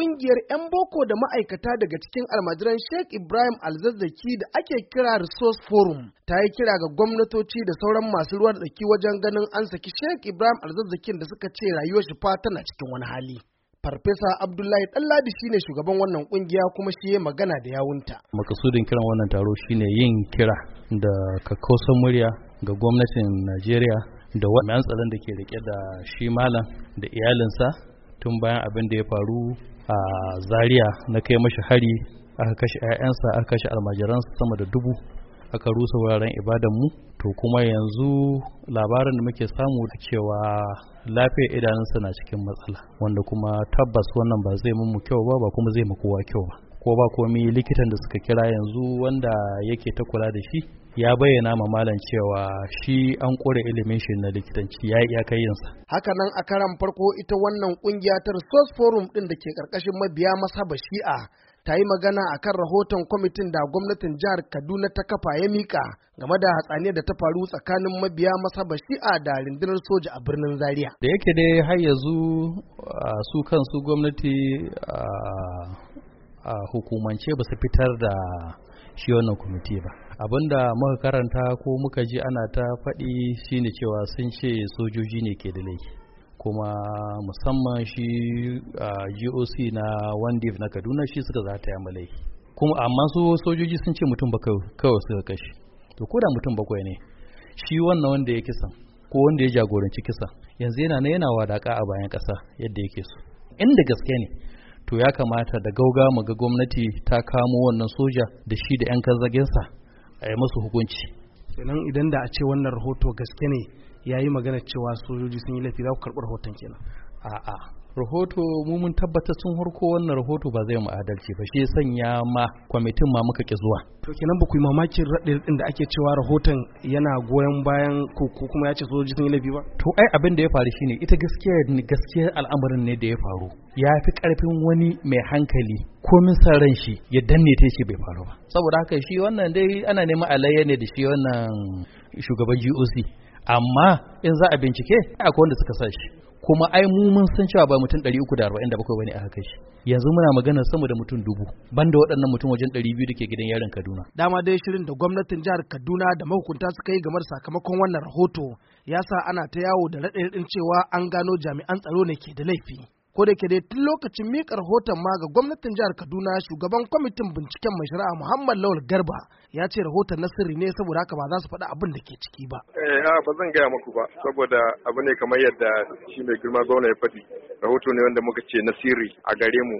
kungiyar 'yan boko da ma'aikata daga cikin almajiran Sheikh Ibrahim Alzazzaki da ake kira Resource Forum ta yi kira ga gwamnatoci da sauran masu ruwa da tsaki wajen ganin an saki Sheikh Ibrahim Alzazzakin da suka ce rayuwar shi fa tana cikin wani hali. Farfesa Abdullahi Ɗanladi shine shugaban wannan kungiya kuma shi magana da yawunta. Makasudin kiran wannan taro shine yin kira da kakkausan murya ga gwamnatin Najeriya da waɗannan tsaron da ke rike da shi malam da iyalinsa tun bayan abin da ya faru a Zariya na kai mashi hari aka kashe 'ya'yansa aka kashe almajiransa sama da dubu aka rusa wuraren ibadanmu to kuma yanzu labarin da muke samu da cewa lafiyar idanunsa na cikin matsala wanda kuma tabbas wannan ba zai mu kyau ba ba kuma zai mu kowa kyau ba ko ba komi likitan da suka kira yanzu wanda yake ta kula da shi ya bayyana ma malam cewa shi an kore ilimin shi na likitanci ya iya kai yinsa. Haka nan a karan farko ita wannan kungiya ta Resource Forum din da ke karkashin mabiya masaba Shi'a ta yi magana a kan rahoton kwamitin da gwamnatin jihar Kaduna ta kafa ya mika game da hatsaniyar da ta faru tsakanin mabiya masaba Shi'a da rundunar soja a birnin Zaria. Da yake dai har yanzu su kansu gwamnati a hukumance ba su fitar da shi wannan kwamiti ba. abinda muka karanta ko muka ji ana ta faɗi shine cewa sun ce sojoji ne ke da laifi kuma musamman shi a goc na one div na kaduna shi suka ta yi laifi kuma amma su sojoji sun ce mutum bakwai kawai suka kashe to ko da mutum bakwai ne shi wannan wanda ya kisan ko wanda ya jagoranci kisa yanzu yana yana wadaka a bayan ƙasa yadda yake so inda gaske ne to ya kamata da gauga mu ga gwamnati ta kamo wannan soja da shi da 'yan kazagensa masu hukunci kenan idan da a ce wannan rahoto gaske ne ya yi magana cewa sojoji sun yi laifi za ku karɓi rahoton kenan a'a rahoto mu mun tabbatar sun harko wannan rahoto ba zai mu adalci ba shi sanya ma kwamitin ma muka ki zuwa to kenan ba ku yi mamakin raɗin da ake cewa rahoton yana goyon bayan ko kuma ya ce sojoji sun yi laifi ba to ai abin da ya faru shine ita gaskiya gaskiya al'amarin ne da ya faru ya fi karfin wani mai hankali Ko sa ran shi ya danne ta shi bai faru ba saboda haka shi wannan dai ana neman alayya ne da shi wannan shugaban GOC amma in za a bincike akwai wanda suka sashi kuma ai mu mun san cewa ba mutum 347 bane aka kai yanzu muna magana sama da mutum dubu banda waɗannan mutum wajen 200 da ke gidan yaron Kaduna dama dai shirin da gwamnatin jihar Kaduna da mahukunta suka yi gamar sakamakon wannan rahoto ya sa ana ta yawo da raɗaɗin cewa an gano jami'an tsaro ne ke da laifi ko da ke dai tun lokacin miƙa rahoton ma ga gwamnatin jihar kaduna shugaban kwamitin binciken mai shari'a muhammad lawal garba ya ce rahoton na sirri ne saboda haka ba za su faɗi abin da ke ciki ba. eh a ba zan gaya muku ba saboda abu ne kamar yadda shi mai girma zauna ya faɗi rahoto ne wanda muka ce na sirri a gare mu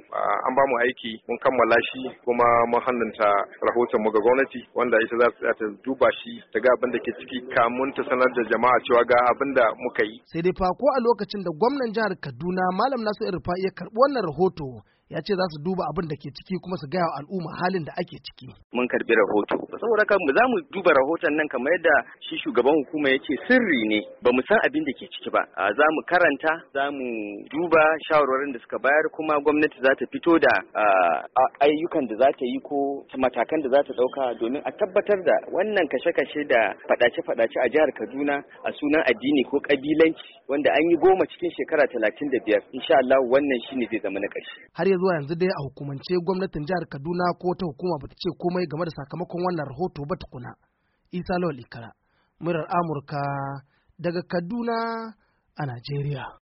an ba mu aiki mun kammala shi kuma mun hannunta rahoton mu ga gwamnati wanda ita za ta duba shi ta ga abin da ke ciki kamun ta sanar da jama'a cewa ga abin da muka yi sai dai fa ko a lokacin da gwamnan jihar Kaduna Malam Nasiru irfa ya karbi wannan rahoto ya ce za su duba abin da ke ciki kuma su gaya wa al'umma halin da ake ciki. Mun karbi rahoto. Saboda haka za mu duba rahoton nan kamar yadda shi shugaban hukuma ya ce sirri ne ba mu san abin da ke ciki ba. Za mu karanta, za mu duba shawarwarin da suka bayar kuma gwamnati za ta fito da ayyukan da za ta yi ko matakan da za ta ɗauka domin a tabbatar da wannan kashe-kashe da faɗace-faɗace a jihar Kaduna a sunan addini ko ƙabilanci wanda an yi goma cikin shekara talatin da biyar. Insha Allah wannan ne zai zama na ƙarshe. Har zuwa yanzu dai a hukumance gwamnatin jihar Kaduna ko ta hukuma bata ce komai game da sakamakon wannan rahoto ba tukuna. Isa Lawal Ikara, murar Amurka daga Kaduna a Najeriya.